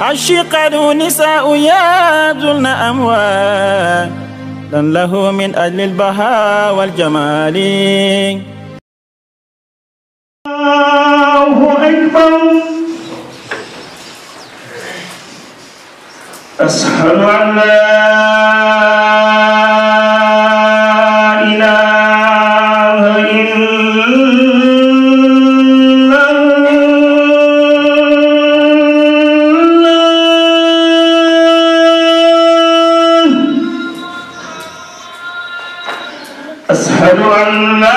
الشقة نساء أموال لن له من أجل البهاء والجمال الله أكبر أسهل على أشهد أن لا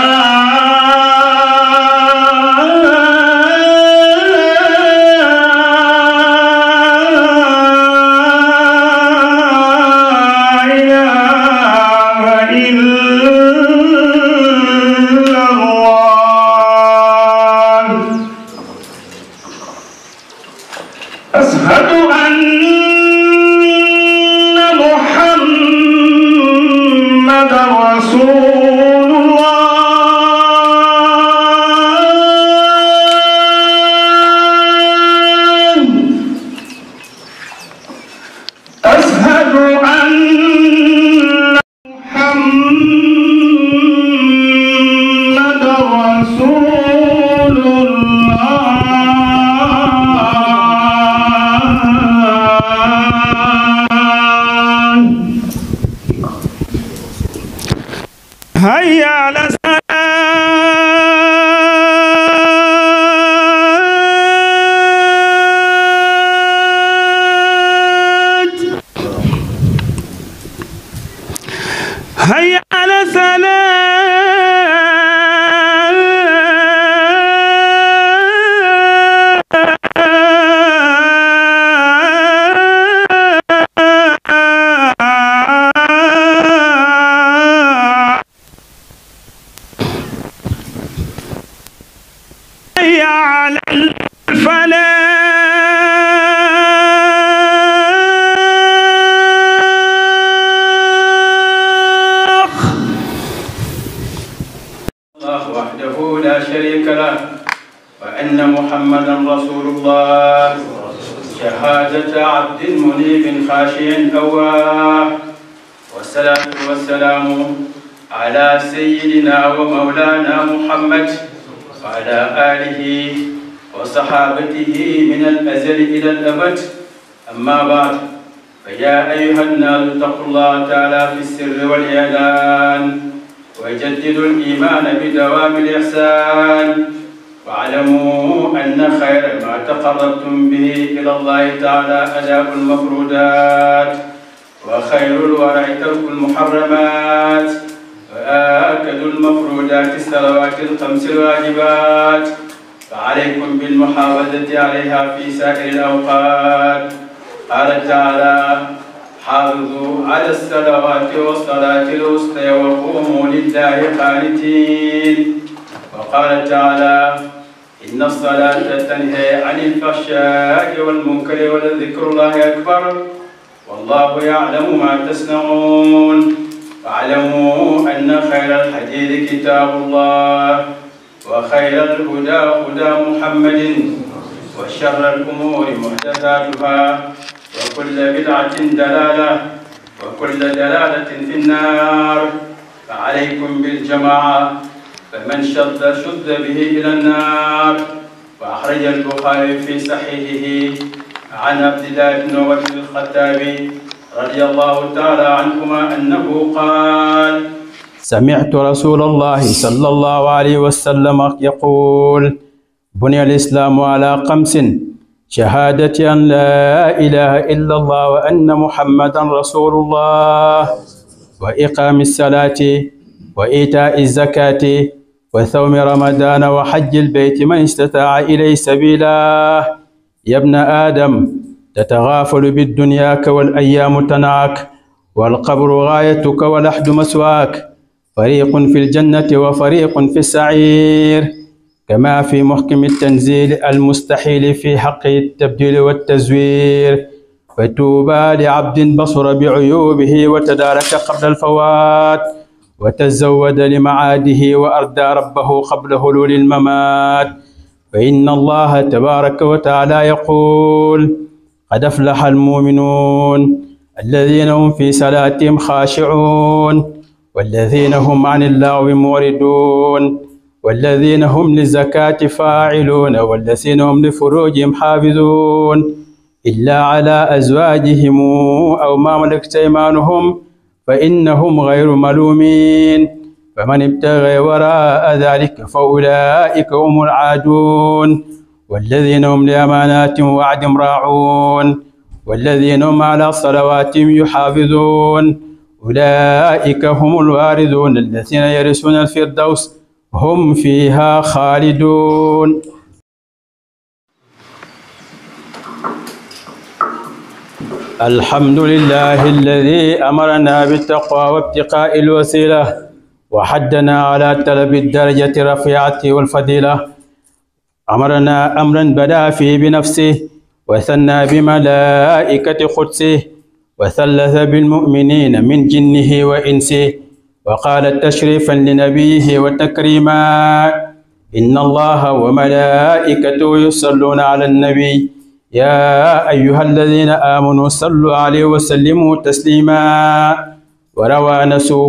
وحده لا شريك له وأن محمدا رسول الله شهادة عبد منيب خاشع أواه والصلاة والسلام على سيدنا ومولانا محمد وعلى آله وصحابته من الأزل إلى الأبد أما بعد فيا أيها الناس اتقوا الله تعالى في السر والإعلان ويجدد الإيمان بدوام الإحسان واعلموا أن خير ما تقربتم به إلى الله تعالى أداء المفروضات وخير الورع ترك المحرمات وآكد المفروضات الصلوات الخمس الواجبات فعليكم بالمحافظة عليها في سائر الأوقات قال تعالى حافظوا على الصلوات والصلاة الوسطى وقوموا لله قانتين وقال تعالى إن الصلاة تنهي عن الفحشاء والمنكر ولذكر الله أكبر والله يعلم ما تصنعون فاعلموا أن خير الحديث كتاب الله وخير الهدى هدى محمد وشر الأمور محدثاتها وكل بدعة دلالة وكل دلالة في النار فعليكم بالجماعة فمن شد شد به إلى النار وأخرج البخاري في صحيحه عن عبد الله بن عمر بن الخطاب رضي الله تعالى عنهما أنه قال سمعت رسول الله صلى الله عليه وسلم يقول بني الإسلام على قمس شهادة أن لا إله إلا الله وأن محمدا رسول الله وإقام الصلاة وإيتاء الزكاة وثوم رمضان وحج البيت من استطاع إليه سبيلا يا ابن آدم تتغافل بالدنياك والأيام تناك والقبر غايتك والأحد مسواك فريق في الجنة وفريق في السعير كما في محكم التنزيل المستحيل في حقه التبديل والتزوير فتوبى لعبد بصر بعيوبه وتدارك قبل الفوات وتزود لمعاده وأردى ربه قبل هلول الممات فإن الله تبارك وتعالى يقول قد أفلح المؤمنون الذين هم في صلاتهم خاشعون والذين هم عن الله موردون والذين هم للزكاة فاعلون والذين هم لفروجهم حافظون إلا على أزواجهم أو ما ملكت أيمانهم فإنهم غير ملومين فمن ابتغي وراء ذلك فأولئك هم العادون والذين هم لأمانات وعد راعون والذين هم على صلواتهم يحافظون أولئك هم الوارثون الذين يرثون الفردوس هم فيها خالدون الحمد لله الذي أمرنا بالتقوى وابتقاء الوسيلة وحدنا على طلب الدرجة الرفيعة والفضيلة أمرنا أمرا بدا فيه بنفسه وثنى بملائكة قدسه وثلث بالمؤمنين من جنه وإنسه وقال تشريفا لنبيه وتكريما إن الله وملائكته يصلون على النبي يا أيها الذين آمنوا صلوا عليه وسلموا تسليما وروى نسو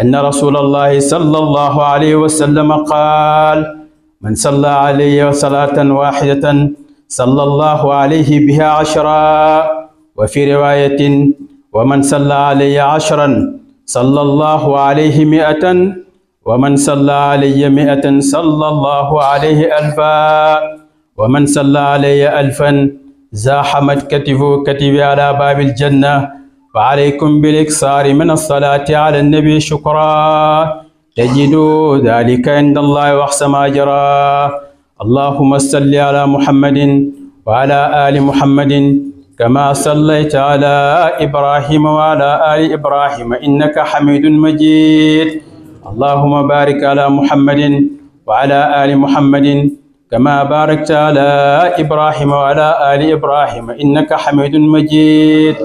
أن رسول الله صلى الله عليه وسلم قال من صلى علي صلاة واحدة صلى الله عليه بها عشرا وفي رواية ومن صلى علي عشرا صلى الله عليه مئة ومن صلى علي مئة صلى الله عليه ألفا ومن صلى علي ألفا زاحمت كتفه كتبي على باب الجنة فعليكم بالإكثار من الصلاة على النبي شكرا تجدوا ذلك عند الله وأحسن أجرا اللهم صل على محمد وعلى آل محمد كما صليت على إبراهيم وعلى آل إبراهيم إنك حميد مجيد اللهم بارك على محمد وعلى آل محمد كما باركت على إبراهيم وعلى آل إبراهيم إنك حميد مجيد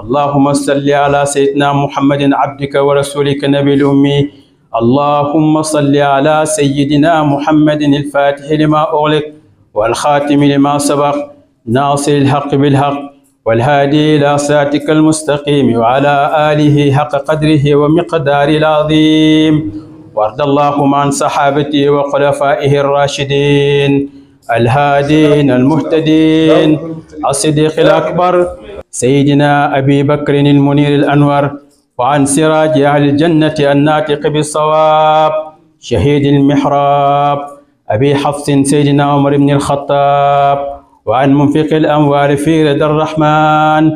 اللهم صل على سيدنا محمد عبدك ورسولك نبي الأمي اللهم صل على سيدنا محمد الفاتح لما أغلق والخاتم لما سبق ناصر الحق بالحق والهادي إلى صراطك المستقيم وعلى آله حق قدره ومقدار العظيم وارض اللهم عن صحابته وخلفائه الراشدين الهادين المهتدين الصديق الأكبر سيدنا أبي بكر المنير الأنور وعن سراج أهل الجنة الناطق بالصواب شهيد المحراب أبي حفص سيدنا عمر بن الخطاب وعن منفق الأموال في رضا الرحمن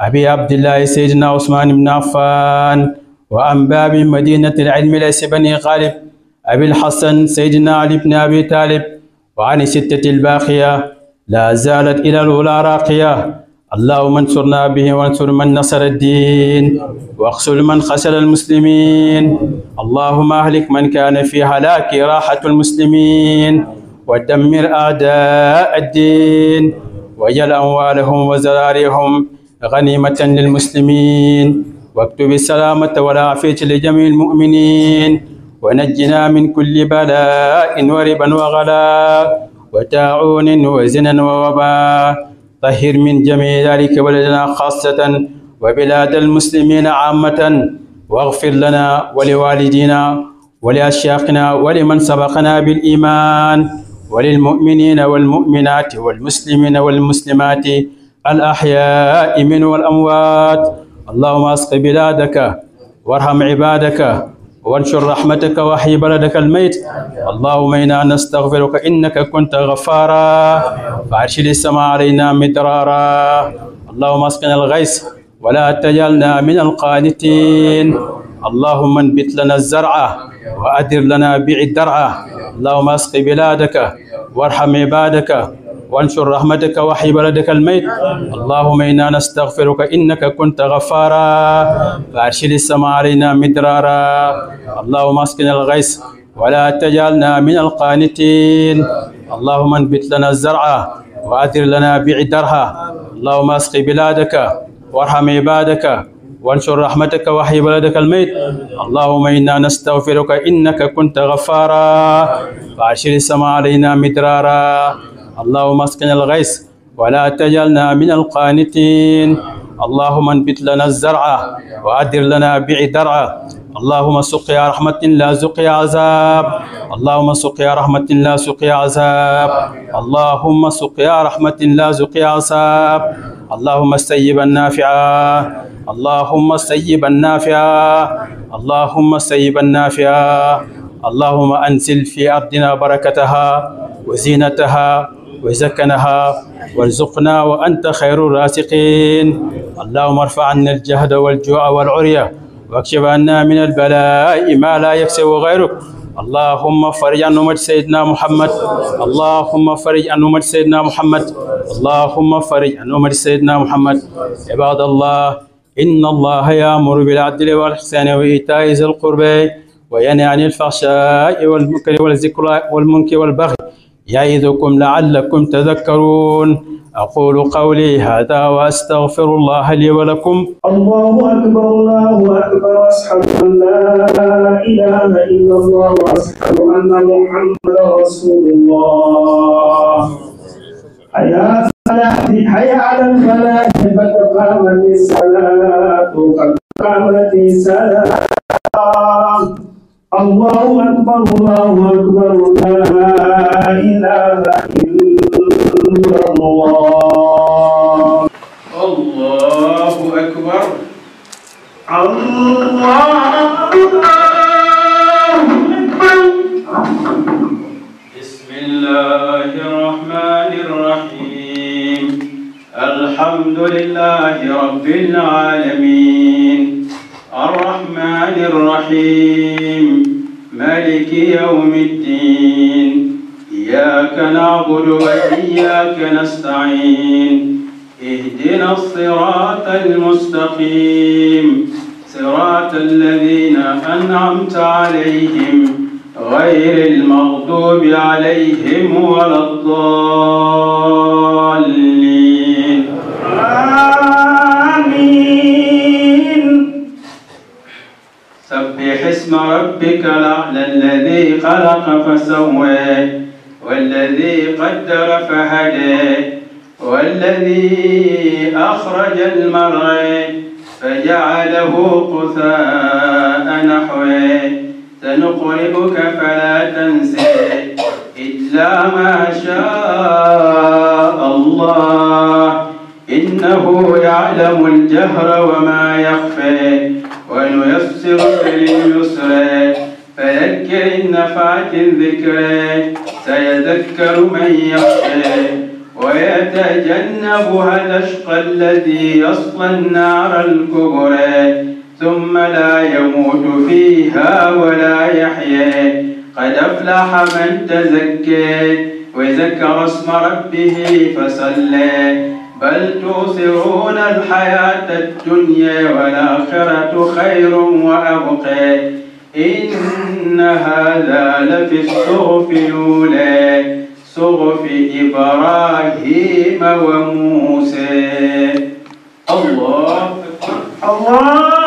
أبي عبد الله سيدنا عثمان بن عفان وعن باب مدينة العلم ليس بني غالب أبي الحسن سيدنا علي بن أبي طالب وعن ستة الباقية لا زالت إلى الأولى راقية اللهم انصرنا به وانصر من نصر الدين واقسل من خسر المسلمين اللهم اهلك من كان في هلاك راحة المسلمين ودمر أعداء الدين وجل أموالهم وزراريهم غنيمة للمسلمين واكتب السلامة والعافية لجميع المؤمنين ونجنا من كل بلاء وربا وغلا وتاعون وزنا ووبا طهر من جميع ذلك بلدنا خاصة وبلاد المسلمين عامة واغفر لنا ولوالدينا ولأشياخنا ولمن سبقنا بالإيمان وللمؤمنين والمؤمنات والمسلمين والمسلمات الأحياء من والأموات اللهم اسق بلادك وارحم عبادك وانشر رحمتك واحي بلدك الميت اللهم انا نستغفرك انك كنت غفارا فارشد السماء علينا مدرارا اللهم اسقنا الغيث ولا تجعلنا من القانتين اللهم انبت لنا الزرع وادر لنا بيع الدرع اللهم اسق بلادك وارحم عبادك وانشر رحمتك وحي بلدك الميت اللهم انا نستغفرك انك كنت غفارا فارسل السماء علينا مدرارا اللهم اسقنا الغيس ولا تجعلنا من القانتين اللهم انبت لنا الزرع واثر لنا بعدرها اللهم اسق بلادك وارحم عبادك وانشر رحمتك وحي بلدك الميت اللهم إنا نستغفرك إنك كنت غفارا فأشر السماء علينا مدرارا اللهم اسقنا الغيث ولا تجعلنا من القانتين اللهم انبت لنا الزرع وأدر لنا بعدرع اللهم سقيا رحمة لا سقيا عذاب اللهم سقيا رحمة لا سقيا عذاب اللهم سقيا رحمة لا سقيا عذاب اللهم السيب نافعا اللهم السيب نافعا اللهم السيب نافعا اللهم أنزل في أرضنا بركتها وزينتها وسكنها وارزقنا وأنت خير الرازقين اللهم ارفع عنا الجهد والجوع والعرية واكشف عنا من البلاء ما لا يكسب غيرك اللهم فرج عن أمة سيدنا محمد اللهم فرج عن أمة سيدنا محمد اللهم فرج عن أمة سيدنا محمد عباد الله إن الله يأمر بالعدل والإحسان وإيتاء ذي القربى وينهى عن الفحشاء والمنكر والذكر والمنكر والبغي يعظكم لعلكم تذكرون أقول قولي هذا وأستغفر الله لي ولكم الله أكبر الله أكبر أشهد أن لا إله إلا الله وأشهد أن محمدا رسول الله حياة على الفلاح فتقامت الصلاة قد قامت الصلاة الله أكبر الله أكبر لا إله إلا الله الله أكبر الله أكبر بسم الله الرحمن الرحيم الحمد لله رب العالمين الرحمن الرحيم مالك يوم الدين إياك نعبد وإياك نستعين اهدنا الصراط المستقيم صراط الذين أنعمت عليهم غير المغضوب عليهم ولا الضالين آمين سبح اسم ربك الأعلى الذي خلق فسويه والذي قدر فهدي والذي أخرج المرعي فجعله قثاء نحوي سنقربك فلا تنسي إلا ما شاء الله إنه يعلم الجهر وما يخفي ونيسرك لليسر فذكر إن نفعت الذكر سيذكر من يخشى ويتجنبها الأشقى الذي يصلى النار الكبرى ثم لا يموت فيها ولا يحيى قد أفلح من تزكى وذكر اسم ربه فصلى بل تؤثرون الحياة الدنيا والآخرة خير وأبقى إن هذا لفي الصغف الأولى صغف إبراهيم وموسى الله الله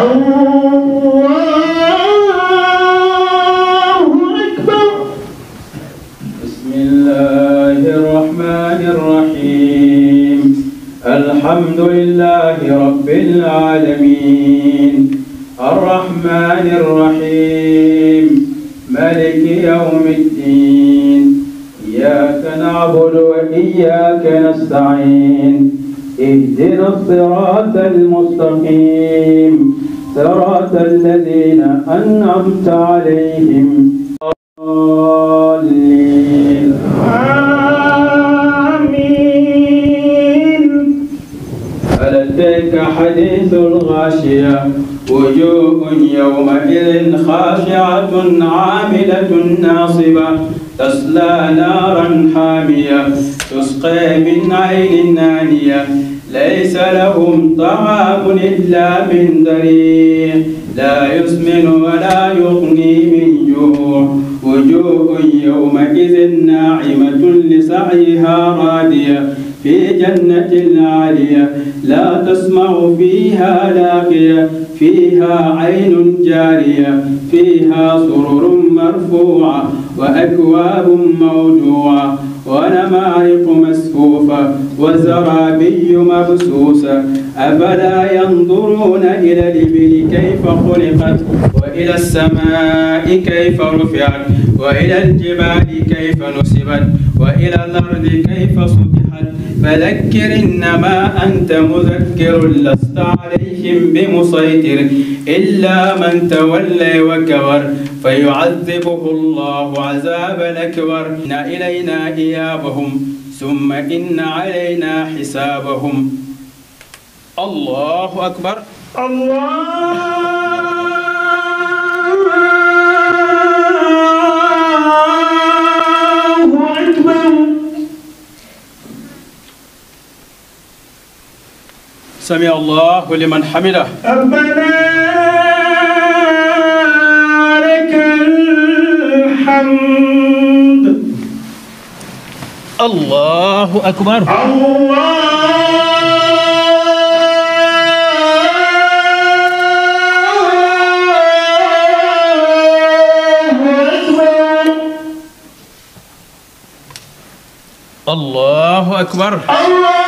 Au! ناعمة لسعيها رادية في جنة عالية لا تسمع فيها لاقية فيها عين جارية فيها سرر مرفوعة وأكواب موجوعة ونمارق مسفوفة وزرابي مبسوسة أفلا ينظرون إلى الإبل كيف خلقت وإلى السماء كيف رفعت وإلى الجبال كيف نسبت وإلى الأرض كيف سطحت فذكر إنما أنت مذكر لست عليهم بمسيطر إلا من تولى وكبر فيعذبه الله عذاب الأكبر إن إلينا إيابهم ثم إن علينا حسابهم الله أكبر الله أكبر سمع الله لمن حمده ربنا لك الحمد الله أكبر الله الله أكبر الله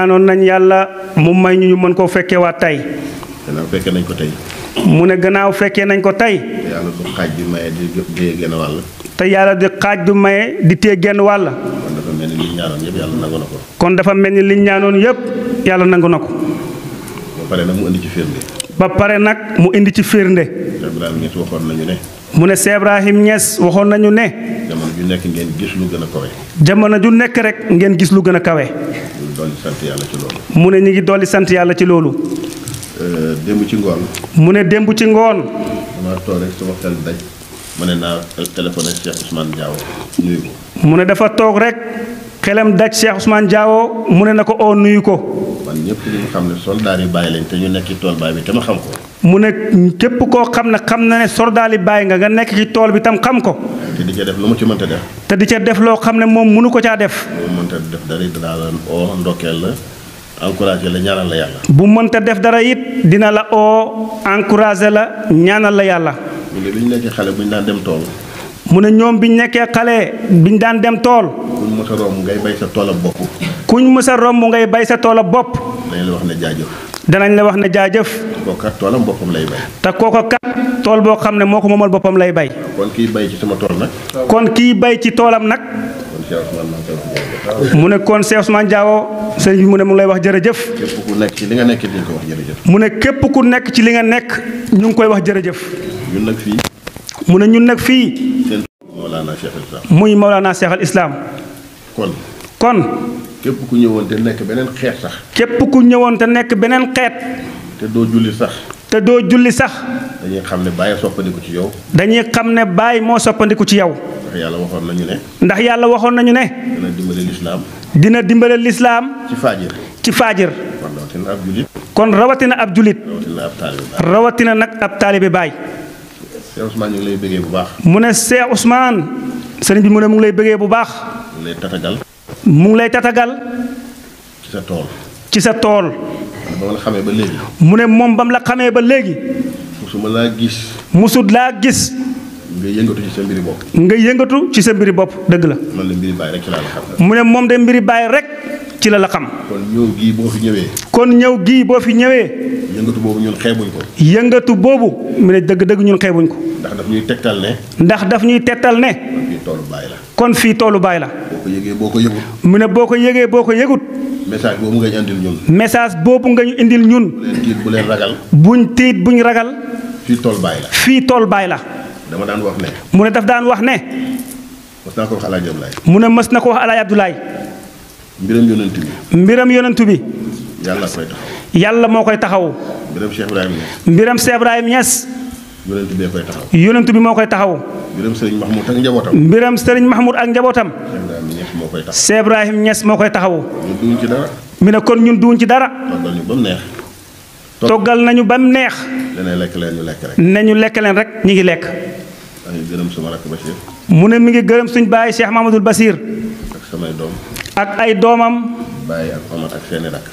ñaanoon nañ yàlla mu may ñu mën koo fekkewaat tey. fekkee nañ ko tey. mu ne gannaaw fekkee nañ ko tey. te yàlla du xaaj di téye genn wàll. xaaj du maye di téye genn wàll. kon dafa mel ni liñ ñaanoon yëpp yàlla nangu na ko. kon dafa mel ni liñ ñaanoon yëpp yàlla nangu na ko. ba pare nag mu indi ci firnde. ba pare nag mu indi ci firnde. Ibrahima mu ne Cheikh Ibrahim Niass waxoon nañu ne. jamono ju nekk ngeen gis lu gën a kawe. jamono ju nekk rek ngeen gis lu gën a kawe. mu ne ñu ngi dolli sant yàlla ci loolu. Euh, démb ci ngoon. mu ne démb ci ngoon. damaa toog rek ne naa téléphoné mu ne dafa toog rek xelam daj seex Ousmane jaawoo mu ne na ko oo nuyu ko. man ñëpp ñu xam ne soldaar yi bàyyi lañ te ñu nekk ci tool baay bi te ma xam ko. mu ne képp koo xam ne xam na ne sordaali bàyyi nga nga nekk ci tool bi tam xam ko. te di ca def lu mu ci mënta def. te di ca def loo xam ne moom mënu ko caa def. bu mënta def dara it dinaa la oo ndokkeel la encouragé la ñaanal la yàlla. bu mënta def dara it dina la oo encouragé la ñaanal la yàlla. mu ne bi ñu nekkee xale bu daan dem tool. mu ne ñoom bi ñu nekkee xale daan dem tool. kuñ mës a romb ngay bay sa toolab bopp. kuñ mës romb ngay bay sa toolab bopp. dañ la wax ne jaajëf. danañ la wax ne jaajëf. kooka toolam boppam lay te kooka kat tool boo xam ne moo ko moomal boppam lay bay. kon kii bay ci sama tool nag. kon kii bay ci toolam nag. mu ne kon Cheikh Ousmane Diawo sëñ mu ne mu lay wax jërëjëf. képp li nga nekk ñu mu ne képp ku nekk ci li nga nekk ñu ngi koy wax jërëjëf. ñun fii. mu ne ñun nag fii. muy Mawlana Cheikh al Islam. kon. képp ku ñëwoon te nekk beneen xeet sax. képp ku ñëwoon te nekk beneen xeet. te doo julli sax. te doo julli sax. dañuy xam ne Baye soppandiku ci yow. dañuy xam ne Baye moo soppandiku ci yow. ndax yàlla waxoon nañu ne. ndax yàlla waxoon nañu ne. dina dimbale lislaam. ci faajir. ci faajir. kon rawatina ab julit. rawatina nag ab taalibe baay Cheikh Ousmane lay bëggee bu baax. mu ne Cheikh Ousmane. sëriñ bi mu ne mu ngi lay bëggee bu baax. mu mu ngi lay tatagal. ci sa tool. ci sa tool. mu ne moom ba mu la xamee ba léegi. musuma laa gis. musut laa gis. nga yëngatu ci sa mbiri bopp. nga yëngatu ci sa mbiri bopp dëgg la. mu ne moom de mbiri baay rek. ci la la xam. kon ñëw gii boo fi ñëwee. kon ñëw gii boo fi ñëwee. yëngatu boobu ñun xeebuñ ko. yëngatu boobu mu ne dëgg-dëgg ñun xeebuñ ko. ndax daf ñuy tegtal ne. ndax daf ñuy tegtal ne. kon fii toolu baay la. boo boo ko yëgut. mu ne boo ko yëgee boo ko yëgut. message boobu nga ñu indil ñun. message boobu nga ñu indil ñun. bu leen tiit bu leen ragal. buñ tiit buñ ragal. fii toolu baay la. fii toolu baay la. dama daan wax mu ne daf daan wax ne. mës naa ko wax Alaaji mu ne mës na ko wax Alaaji Abdoulaye. mbiram yonent bi. mbiram yonent bi. yàlla koy yàlla moo koy taxaw. mbiram Cheikh Ibrahim Niass. mbiram Cheikh Ibrahim Niass. yonent bi koy taxaw. moo koy taxaw. mbiram Serigne Mahmoud ak njabootam. mbiram Serigne Mahmoud ak njabootam. Cheikh Ibrahim Niass moo koy taxaw. Cheikh mi ne kon ñun duñ ci dara. toggal ñu nañu ba neex. danañ lekk leen ñu lekk rek. leen rek ñu ngi lekk. mu ne mi ngi gërëm suñu baay Cheikh Mahmoudul Basir. samay doom. ak ay doomam. baay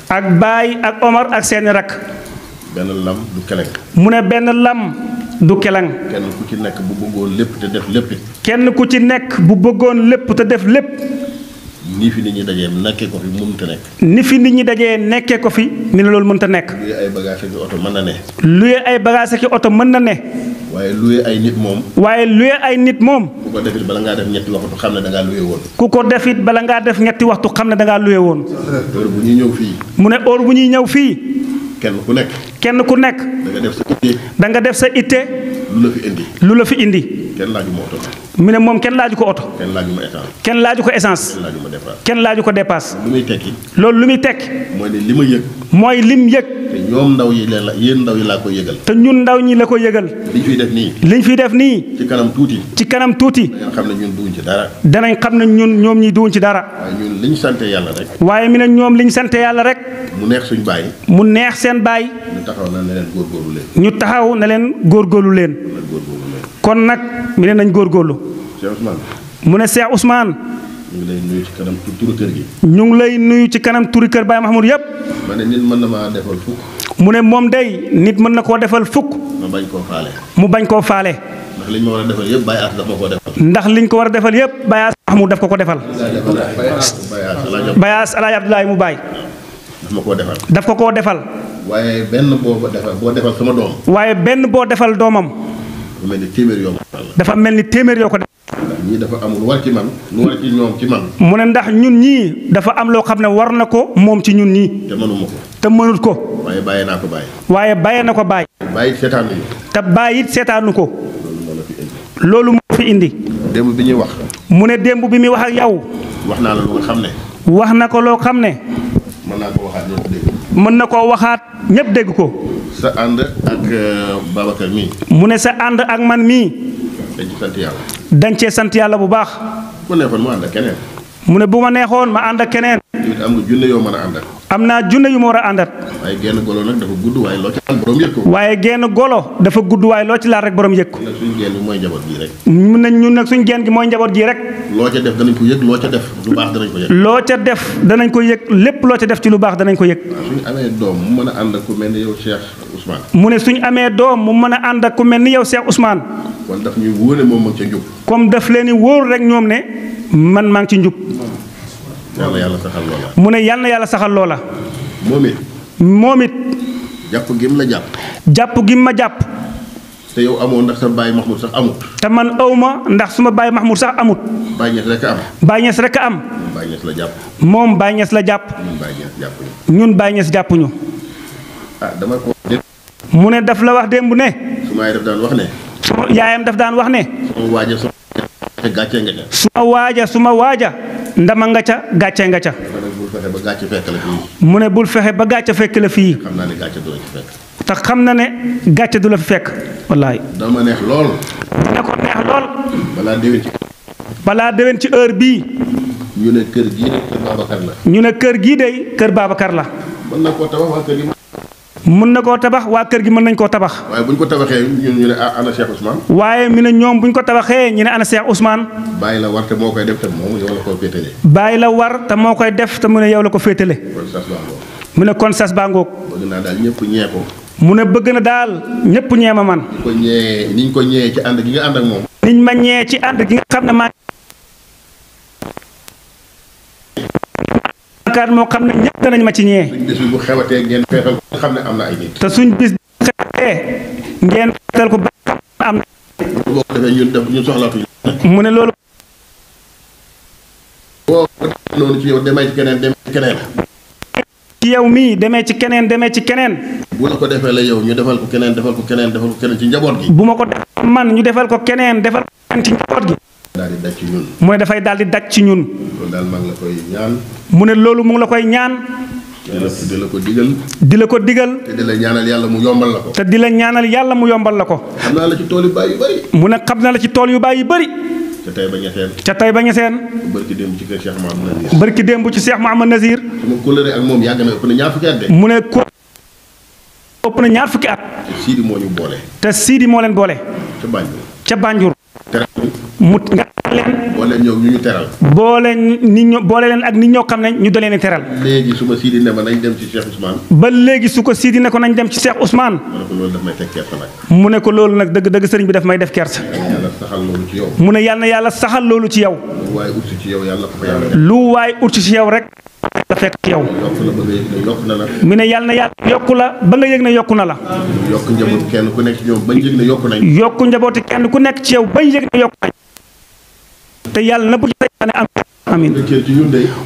ak baay ak Omar ak seeni rakk. benn lam du keleng. mu ne benn lam du keleng. kenn ci nekk bu bëggoon lépp te def lépp. kenn ku ci nekk bu bëggoon lépp te def lépp. nii fi nit ñi dajee nekkee ko fi mënta nekk. ni fi nit ñi dajee nekkee ko fi ñu ne loolu nekk. luye ay bagages ak oto na ne. luye ay bagages ak oto mën na ne. waaye luye ay nit moom. waaye luye ay nit moom. ku ko defit bala ngaa def ñetti waxtu xam ne da luye woon. ku ko defit bala ngaa def ñetti waxtu xam ne danga ngaa luye woon. heure bu ñuy ñëw fii. mu ne heure bu ñuy ñëw fii. kenn ku nekk. kenn ku nekk. da nga def sa itte. lu fi indi. lu la fi indi. kenn laaju ma oto. mu ke moom kenn laaju ko oto. kenn laaju ma essence. kenn laaju ko essence. kenn laaju ko dépasse. lu muy tekki. loolu lu muy tekki. mooy ne li ma yëg. mooy lim yëg. te ndaw yi la ndaw yi te ñun ndaw ñi la liñ def liñ def ci kanam tuuti. ci kanam tuuti. ñun ci dara. danañ xam ñun ñoom ñi duwuñ ci dara. waaye ñun liñ sante yàlla rek. liñ sante rek. mu neex mu neex seen taxaw na leen góorgóorlu leen. ñu taxaw na leen góorgóorlu leen. kon nag mi ne nañ góor góorlu mu ne Cheikh usmaan ñu ngi lay nuyu ci kanam turu kër gi. ñu ngi lay nuyu ci kanam turu kër Baye Mahmoud yëpp. ma mu ne moom day nit mën na koo defal fukk. mu bañ koo faale. bañ koo faale. ndax liñ ma ndax liñ ko war a defal yëpp Baye As Mahmoud daf ko ko defal. Baye As Alaaji mu baay daf koo defal. daf ko koo defal. waaye benn boo defal boo defal sama doom. waaye benn boo defal doomam. dafa mel ni téeméer yoo dafa mel ni téeméer yoo ko def. ndax ñii am lu ci man ci ñoom ci mu ne ndax ñun ñii dafa am loo xam ne war na ko moom ci ñun ñii. te te mënut ko. waaye bàyyee naa ko bàyyi. waaye bàyyee na ko bàyyi. bàyyi seetaanu te bàyyi seetaanu ko. loolu moo fi indi. démb bi ñuy wax. mu ne démb bi muy wax ak yow. wax naa la lu nga xam ne. wax na ko loo xam ne. mën naa ko waxaat ñëpp mën na koo waxaat ñëpp dégg ko. sa ànd ak euh, Babacar mii. mu ne sa ànd ak man mii. dañ ci sant cee sant yàlla bu baax. mu neexoon mu ànd ak keneen. mu ne bu ma neexoon ma ànd ak keneen. yow junne yoo mën a ànd ak. am naa junne yu ma war a àndat. waaye genn golo nag dafa gudd waaye loo ci laal borom waaye genn golo dafa gudd waaye loo ci laal rek borom yëg ko. ñun mooy njaboot gii rek. ñun nag ñun nag gi mooy njaboot gii rek. loo ca def danañ ko yëg def lu baax danañ loo ca def danañ ko yëg lépp loo ca def ci lu baax danañ ko yëg. amee doom mu mën a ànd ak ku mel ni yow Cheikh Ousmane. mu ne suñu amee doom mu mën a ànd ak ku mel ni yow Cheikh Ousmane. kon daf ñuy wóore moom ak comme daf leen wóor rek ñoom ne man maa ngi ci njub mu yalla yàlla na yàlla saxal loola. moom it. moom it. jàpp gi mu la japp jàpp gi ma japp te yow amo ndax sa baye Mahmoud sax amut. te man awma ndax suma baye Mahmoud sax amut. Baay rek am. Baay Ñas rek am. moom Baay la japp mom Baay Ñas la japp ñun Baay Ñas jàppuñu. ah dama ko mu ne daf la wax démb ne. suma yaay daf daan wax ne. suma yaayam daf daan wax ne. suma suma waja suma ndama nga ca gàcce nga ca. mu ne bul fexe ba gàcce fekk la fii. te xam na ne gàcce du la fi fekk wallaay. dama neex lool. dina ko neex lool. balaa déwén ci. balaa déwén bii. ñu ne kër gii de kër Babacar la. mën na koo tabax waa kër gi mën nañ koo tabax. waaye bu ñu ko tabaxee ñu ne ah, ana Cheikh Ousmane. waaye mi ne ñoom bu ñu ko tabaxee ñu ne ana Cheikh Ousmane. bàyyi la war te moo koy def te moom yow la ko féetale. la war te moo koy def te mu ne yow la ko féetale. mu ne kon sas baa ngoog. bëgg naa daal ñëpp ñee ko. mu ne bëgg na daal ñëpp ñee ma man. ni ñu ko ko ñee ci ànd gi ma ñee ci ànd gi nga xam ne maa yaakaar moo xam ne ñëpp danañ ma ci ñee. suñ bis bu xewatee ngeen feetal ko xam ne am na te suñ bis bu xewatee ko ba am na. loolu boo ko defee ñun def ñun mu ne loolu. boo noonu ci yow demee ci keneen demee ci keneen. yow mii demee ci keneen demee ci keneen. bu la ko defee la yow ñu defal ko keneen defal ko keneen defal ko ci njaboot gi. bu ma ko defee man ñu defal ko keneen defal ko keneen ci njaboot gi. daal di daj ci ñun. dafay daal di daj ci ñun. mu ne lolu mu ngi la koy ñaan. di la ko digal. te di la ñaanal yalla mu yombal la ko. mu yombal ne xamna la ci tol yu bayyi bari ca tay ba barki dembu ci Cheikh mohammed Nazir. mu ne ko ëpp na ñaar fukki at. te Sidi mo len bolé ca Banjur. mu nga leen. boole ñoom boole ni ño boole leen ak nit ñoo xam ne ñu doon leen teral. su ma siidi ne ma nañ dem ci Cheikh Ousmane. ba léegi su ko siidi ne ko nañ dem ci Cheikh Ousmane. mu ne ko loolu nag dëgg dëgg sëriñ bi daf may def kersa. mu ne yàlla yàlla saxal loolu ci yow. lu waay ut ci yow lu waay ut ci yow rek. la fekk ci yow. mu ne yàlla na yàlla yokku la ba nga yëg ne yokk na la. yokku njabooti kenn ku nekk ci yow bañ yëg ne yokku nañ. yokku ku nekk ci yow bañ yëg ne yokku nañ. te yàlla na bu seytaane am amin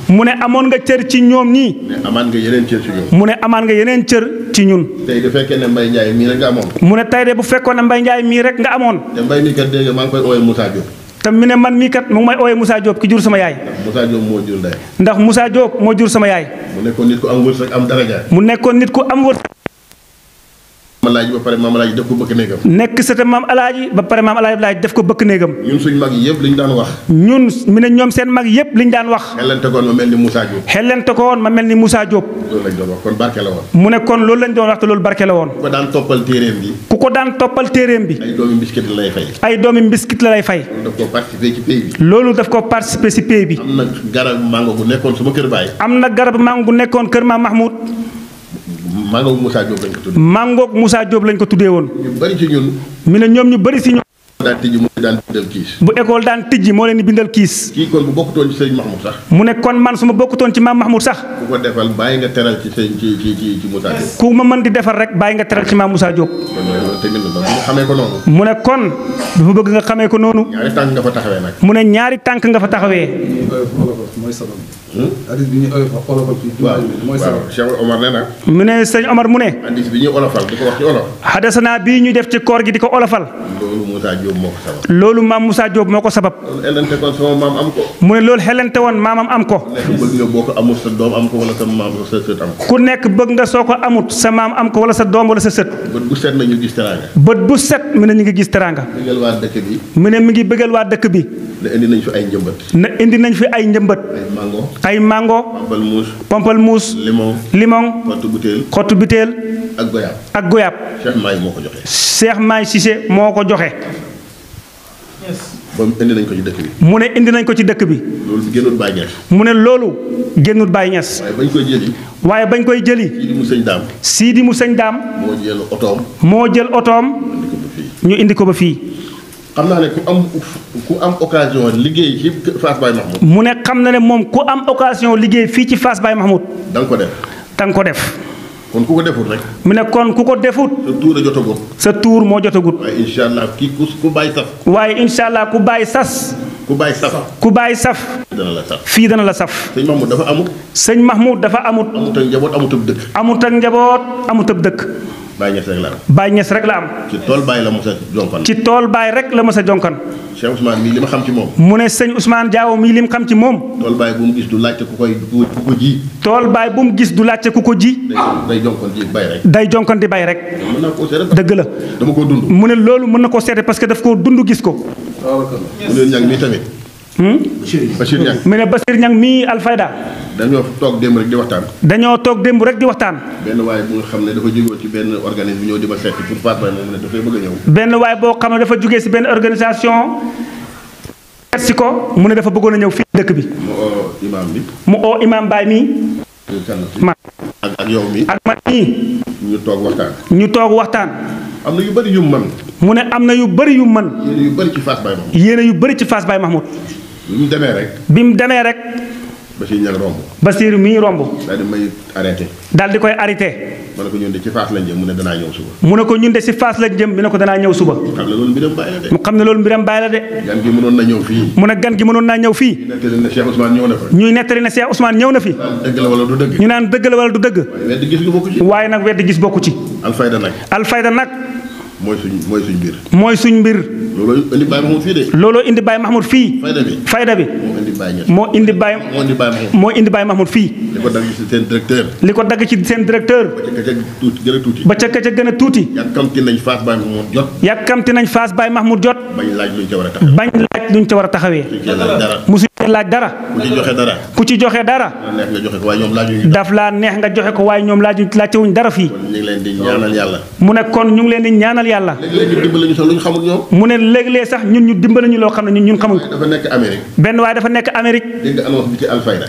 mu ne amoon nga cër ci ñoom mu ne amaan yeneen cër ci ñun. tey bu fekkee ne Mbaye Ndiaye mii rek nga mu ne tey bu fekkoon ne Mbaye mii rek nga amoon. te Mbaye mii maa ngi koy ooyee Moussa Diop. te mu ne mii kat mu ngi may ooyee Moussa Diop ki jur sama yaay. Moussa Diop moo jur ndax Moussa Diop moo jur sama yaay. mu nekkoon nit ku am wërsëg am daraja. mu nekkoon nit ku am wërsëg alaaji ba pare maam alaaji def ko bëkk néegam nekk sëtam maam alaaji ba pare maam alaaji def ko bëkk néegam ñun suñ mag yëpp liñ daan wax ñun mi ne ñoom seen mag yëpp liñ daan wax xellente ko woon ma mel ni Moussa Diop xellente ko woon ma mel ni Moussa Diop loolu lañ doon wax kon barke la woon mu ne kon loolu lañ doon wax te loolu barke la woon ku ko daan toppal téeréem bi ku ko daan toppal téeréem bi ay doomi mbiskit la lay fay ay doomi mbiskit la lay fay loolu daf ko participer ci pays bi am na garab mango gu nekkoon sama kër baay am na garab mango gu nekkoon kër maam Mahmoud mangok musa job lañ ko tuddee. mangook Moussa Diop lañ ko tuddee woon. ñu bari ci ñun. mi ne ñoom ñu bari si ñoom. daan tijji moo daan bindal kiis. bu école daan tijji mo leen ni bindal kiss ki kon bu bokku ton ci serigne Mahmoud sax. mu ne kon man suma bokku ton ci mam Mahmoud sax. ku ko defal bàyyi nga teral ci serigne ci ci ci ci musa Diop. ku ma man di defal rek bàyyi nga teral ci mam musa job kon ko noonu. mu ne kon dafa bëgg nga xamé ko nonu ñaari tank nga fa taxawé nak mu ne ñaari tank nga fa taxawé mooy sabab Hmm? hadis bi ñuy olofal mu ne sëñ Omar mu ne. hadis bi bii ñu def ci koor gi di ko olofal. loolu Moussa Diop moo loolu maam musaa Diop moo ko sabab. loolu xelante kon mu ne loolu xelante woon maamam am ko. ku nekk bëgg nga boo sa doom am ko wala sa maam ku nekk bëgg nga soo ko amut sa maam am ko wala sa doom wala sa sët. bët bu set na ñu gis teraanga. bët bu set mu ne ñu ngi gis teraanga. bëggal mu ne mi ngi bëggal waa dëkk bi. na indi nañ fi ay njëmbat. na indi nañ fi ay njëmbat. ay ay mango. pamplemousse limon limon. xottu butéel xottu butéel. ak goyaab ak goyaab. Cheikh Maay moo ko joxe. Cheikh nañ ko ci dëkk mu ne indi nañ ko ci dëkk bi. loolu génnut mu ne loolu génnut Baay Ñas. waaye bañ koy jëli. waaye bañ koy jëli. Sidi mu sëñ daam. moo jël otoom. moo jël otoom. ñu indi ko ba fii. xam naa ne ku am ku am occasion liggéey ci Fass Baye Mahmoud. mu ne xam na ne moom ku am occasion liggéey fii ci Fass Baye Mahmoud. da nga ko def. da nga ko def. kon ku ko defut rek. mu ne kon ku ko defut. sa tuur a jotagut. sa tuur moo jotagut. waaye incha allah kii ku bàyyi saf. waaye incha allah ku bàyyi sas. ku bàyyi saf. ku bàyyi saf. dana la saf fii dana la saf. sëñ Mahmoud dafa amut. sëñ Mahmoud dafa amut. amut ak njaboot amut ab dëkk. amut ak njaboot amut ab dëkk. Baye Niass rek la am. la am. ci tool Baye la mos a jonkan. ci tool Baye rek la mos a jonkan. ma xam ci moom. mu ne sëñ Ousmane Diawo mii li mu xam ci moom. tool Baye bu mu gis du laajte ku ko ji. tool Baye bu mu gis du laajte ku ko ji. day jonkan di Baye rek. dëgg la mu ne loolu mën na koo seete parce que daf koo dund gis ko. Hmm? Bachir Niang mu ne Bachir Niang mii Alfayda dañoo tok dem rek di watan. dañoo tok dem rek di waxtaan benn waay bu nga xam dafa jógee ci benn organisme di pour bëgg dafa si Ben organisation seet ko mu dafa bëggoon a bi mu imam bi mu oo imam Baye mii man ak ak yow mii ak man mii ñu toog waxtaan ñu yu yu man yu yu man yu ci Mahmoud yu ci Mahmoud bi mu demee rek. bi mu demee rek. Basiir nag romb. Basiir mii romb. daal di may arrêté. daal di koy arrêté. mu ne ko ñun de ci faas lañ jëm mu ne danaa ñëw suba. mu ne ko ñun de ci faas lañ jëm mu ne ko danaa ñëw suba. mu xam ne loolu mbiram bàyyi la de. mu ne gan gi mënoon na ñëw fii. mu ne gan gi mënoon naa ñëw fii. ñuy nettali na fi. ñuy nettali ne Cheikh ñëw na fi. dëgg la wala ñu naan dëgg la wala du dëgg. waaye weddi gis gi bokku ci. waaye nag weddi gis bokku ci. alfayda nag. alfayda nag. mooy suñ mooy suñ mbir. mooy suñ mbir. looloo indi Baye Mahmoud fii de. looloo indi Baye Mahmoud fii. fayda bi moo indi Baye moo indi Baye. moo indi Baye Mahmoud fii. li ko dagg ci seen directeur. li ko dagg ci seen directeur. ba ca ka ca gën a tuuti. yàkkamti nañ faas Baye Mahmoud jot. yàkkamti nañ faas Baye Mahmoud jot. bañ laaj luñ ca war a taxawee. bañ war a laaj dara. ku ci joxe dara. ku ci joxe dara. daf laa neex nga joxe ko waaye ñoom laaj laaju laajtewuñ dara fii. ñu ngi leen di ñaanal yàlla. mu ne kon ñu ngi leen di ñaanal yàlla. mu ne léeg-léeg sax ñun ñu dimbali ñu loo xam ne ñu ñun xamuñ ko. benn waaye dafa nekk Amérique.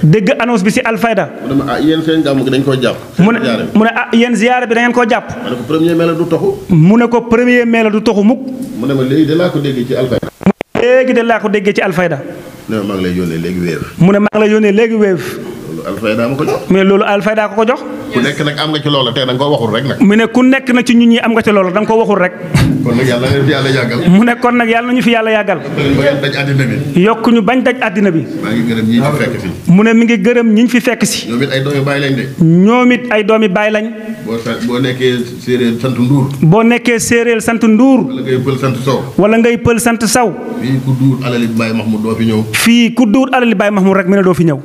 dégg annonce bi ci Alfayda. Ah, mu ne ah yéen seen koo jàpp. mu mu ne ah yéen ziyaara bi da koo jàpp. mu ne ko premier mai la du toxu mukk. mu ne ma léegi de ci Alfayda. ko déggee ci Alfayda. nee na maa ngi lay yónnee léegi wéef. mu ne maa ngi lay yónnee léegi wéef. alfayda ma ko jox. mais loolu alfayda ko ko jox. ku nekk nag am nga ci loola te da nga koo waxul rek mu ne nekk nag ci ñun ñi am nga ci loola da nga koo waxul rek. kon nag yàlla nañu fi yàlla yàggal. mu ne nag yàlla nañu fi yàlla yàggal. yokku ñu bañ daj àddina bi. mu ne mi ngi gërëm ñi ñu fi fekk si. ñoom it ay doomi baay lañ de. ñoom it ay doomi baay lañ. boo boo nekkee séeréer sant nduur. boo nekkee séeréer sant nduur. wala ngay pël sant saw. wala ngay pël sant saw. fii ku duur alali Baye Mahmoud doo fi ñëw. fii ku duur alali Baye Mahmoud rek mu ne doo fi ñëw.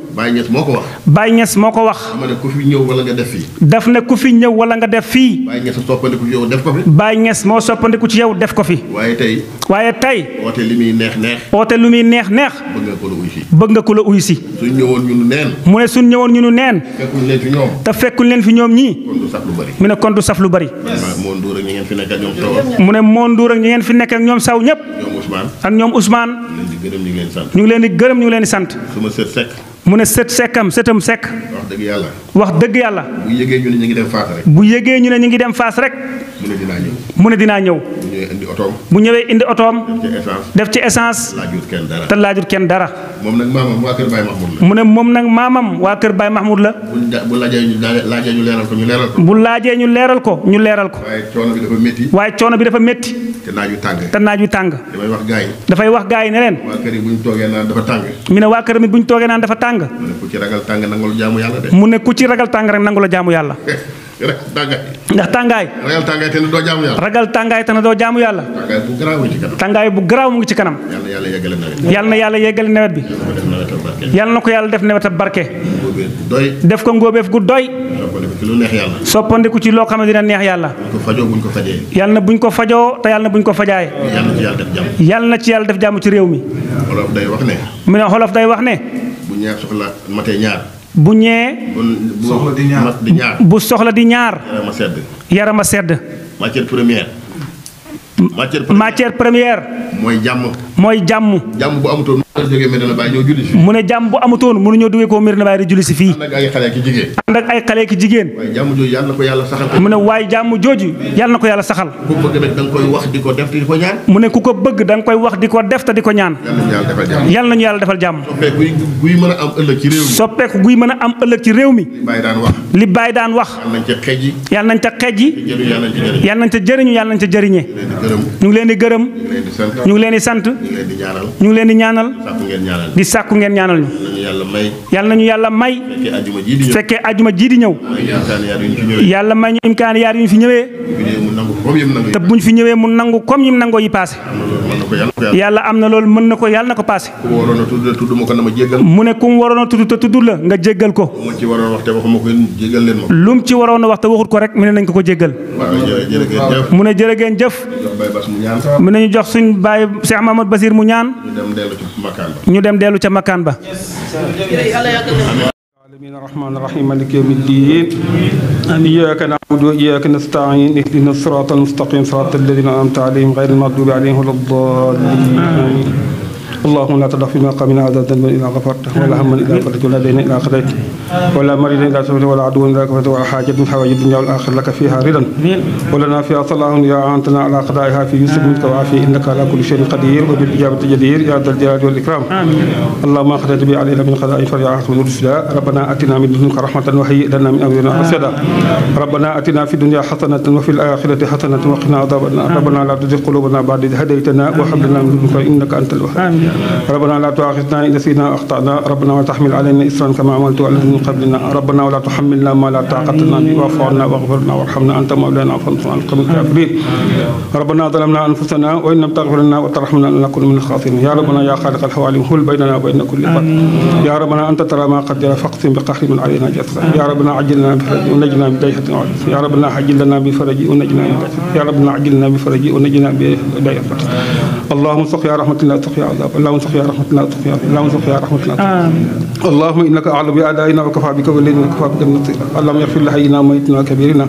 moo ko wax. Baye Niass moo ko wax. dama ne ku fi ñëw wala nga def fii. daf ne ku fi ñëw wala nga def fii. Baye Niass soppandiku ci yow def ko fi. Baye Niass moo soppandiku ci yow def ko fi. waaye tey. waaye tey. oote li muy neex neex. oote lu muy neex neex. bëgg nga ko la uy si. bëgg nga ko la uy ñëwoon ñu nu neen. mu ne suñ ñëwoon ñu nu neen. te fekkuñ leen fi ñoom ñii. kon du saf lu bari. mu ne kon du saf lu bari. mu ne moon duur ak ñi ngeen fi nekk ñoom saw ñëpp. ak ñoom Ousmane. ñu ngi leen di gërëm ñu leen di sant. sama sët Seck mu ne sët sekkam sëtam sekk. wax dëgg yàlla. wax dëgg yàlla. bu yëgee ñu ne ñu ngi dem faas rek. bu yëgee ñu ne ñu ngi dem faas rek. mu ne dinaa ñëw. mu bu ñëwee indi otoom. bu def ci essance laajut kenn dara te laajut kenn dara. moom nag mu ne moom nag maamam waa kër Baye Mahmoud la. bu laajee ñu leeral ko ñu leeral ko. bu laajee ñu leeral ko ñu leeral ko. waaye coono bi dafa métti. waaye coono te naaj tàng. te naaj wi tàng. dafay wax gaa yi. dafay wax gaa yi ne mu ne waa kër bu ñu toogee naan dafa tàng tàng. mu ne ku ci ragal tàng nangu la jaamu yàlla ku ci ragal tàng rek nangu la yàlla. tàngaay. ndax tàngaay. ragal tàngaay te ne doo jaamu yàlla. ragal tàngaay te doo jaamu yàlla. tàngaay bu garaaw mu ngi ci kanam. tàngaay yàlla na yàlla yeggale nawet bi. yàlla na ko yàlla def nawet ab barke. def ko ngóobeef gu doy. soppandiku ci loo xam ne dina neex yàlla. yàlla na buñ ko fajoo te yàlla na buñ ko fajaay. yàlla na ci yàlla def jàmm ci réew mi. mu ne xolof day wax ne. bu ñaar soxla bu ñee. bu soxla di ñaar mat di yarama sedd. yarama sedd. matière première. matière première. mooy jàmm. mooy jàmm. jàmm bu amutoon. mu ne jàmm bu amatoon mënuñoo duggee koo Medina Baye di julli si fii. ànd ak ay xale ki ki jigéen. jàmm jooju yàlla na ko yàlla saxal. mu ne waaye jàmm jooju yàlla na ko yàlla saxal. da ko def te di ko mu ne ku ko bëgg danga koy wax di ko def te di ko ñaan. yàlla nañu yàlla defal jàmm. soppeeku guy mën a am ëllëg ci réew mi. guy mën am ëllëg ci réew mi. li Baye daan wax. li Baye daan wax. yàlla nañ ca xeej yi. yàlla nañ ca jëriñu yàlla nañ ca jëriñee. ñu ngi leen di gërëm. ñu ngi leen di sant. ñu ngi leen di ñaanal di sàkku ngeen ñaanal ñu. yàlla nañu yàlla may. fekkee ajuma ji di ñëw. yàlla may ñu imkaan yaar yu ñu fi ñëwee. te buñ fi ñëwee mu nangu comme ñi mu nangoo yi paase. yàlla am na loolu mën na ko yàlla na ko paase. mu ne ku mu waroon a tudd te tudd la nga jéggal ko. lu mu ci waroon a wax te ma. lu mu ci a wax te waxut ko rek mu ne nañ ko ko jéggal. mu ne jërë ngeen jëf. mu ne ñu jox suñ baay Cheikh Mamadou Basir mu ñaan. ñu dem dellu ca makkaan ba. العالمين الرحمن الرحيم مالك يوم الدين أن إياك نعبد وإياك نستعين اهدنا الصراط المستقيم صراط الذين أنعمت عليهم غير المغضوب عليهم ولا الضالين آمين اللهم لا تدع في مقامنا عذاب الذنب الا غفرته ولا هم الا فرجته ولا دين الا قضيته ولا مريض الا شفيته ولا عدو الا كفرته ولا حاجه من حوائج الدنيا والاخره لك فيها رضا ولنا فيها صلاه يا اعنتنا على قضائها في يوسف منك وعافي انك على كل شيء قدير وبالاجابه الجدير يا ذا الجلال والاكرام اللهم اخرج بي علينا من خزائن فريا عاصم الرسل ربنا اتنا من لدنك رحمه وهيئ لنا من امرنا رشدا ربنا اتنا في الدنيا حسنه وفي الاخره حسنه وقنا عذاب النار ربنا لا تزغ قلوبنا بعد اذ هديتنا وهب لنا من لدنك انك انت الوهاب ربنا لا تؤاخذنا إذا سيدنا أخطأنا ربنا ولا تحمل علينا إسرا كما عملت على من قبلنا ربنا ولا تحملنا ما لا طاقة لنا به واعف عنا واغفر لنا وارحمنا أنت مولانا فانصرنا على القوم الكافرين ربنا ظلمنا أنفسنا وإن لم تغفر لنا وترحمنا لنكن من الخاسرين يا ربنا يا خالق الحوالي حل بيننا وبين كل فرد يا ربنا أنت ترى ما قدر فاقسم بقهر من علينا جسرا يا ربنا عجلنا بفرج ونجنا بداية وعجز يا ربنا عجل لنا بفرج ونجنا يا ربنا عجلنا بفرج ونجنا بداية اللهم يا رحمة الله يا عذاب اللهم صل على رحمة الله اللهم صل يا رحمة الله آمين اللهم انك اعلم باعدائنا وكفى بك ولينا وكفى بك النصير اللهم اغفر لحينا وميتنا وكبيرنا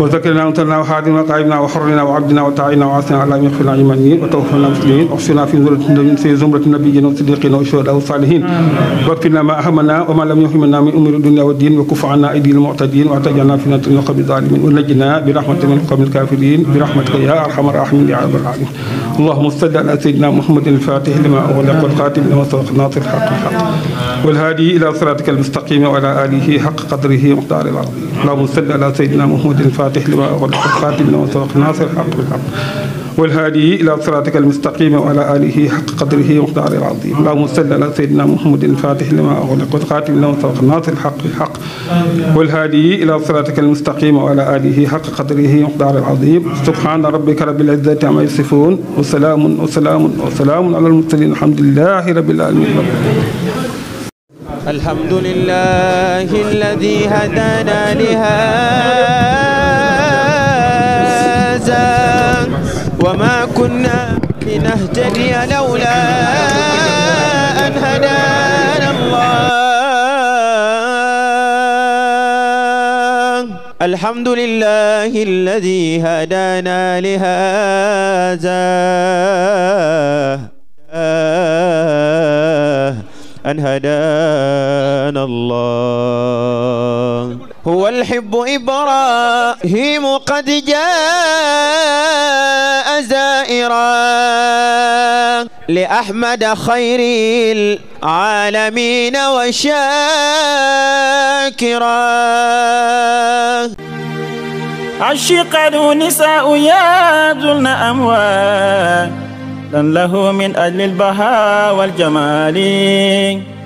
وذكرنا وانتنا وحادنا وقائمنا وحرنا وعبدنا وتعينا وعاسنا اللهم يغفر لنا ايمانين وتوفنا مسلمين واحصنا في زمرة في زمرة النبيين والصديقين والشهداء والصالحين واكفنا ما اهمنا وما لم يهمنا من امور الدنيا والدين وكف عنا ايدي المعتدين واعتجنا في نتن قبل الظالمين ونجنا برحمتك من قوم الكافرين برحمتك يا ارحم الراحمين يا رب العالمين اللهم صل على سيدنا محمد الفاتح لما اغلق القاتل لما سبق ناصر الحق الحق والهادي إلى صراطك المستقيم وعلى آله حق قدره ومقدار العظيم اللهم صل على سيدنا محمد الفاتح لما أغلق الخاتم لما سبق حق الحق والهادي إلى صراطك المستقيم وعلى آله حق قدره ومقدار العظيم اللهم صل على سيدنا محمد الفاتح لما أغلق الخاتم لما سبق حق الحق والهادي إلى صراطك المستقيم وعلى آله حق قدره ومقدار العظيم سبحان ربك رب العزة عما يصفون وسلام وسلام وسلام على المرسلين الحمد لله رب العالمين الحمد لله الذي هدانا لهذا وما كنا لنهتدي لولا أن هدانا الله الحمد لله الذي هدانا لهذا أن هدانا الله هو الحب إبراهيم قد جاء زائرا لأحمد خير العالمين وشاكرا عشقا نساء يا ذلن أموال له من أجل البهاء والجمال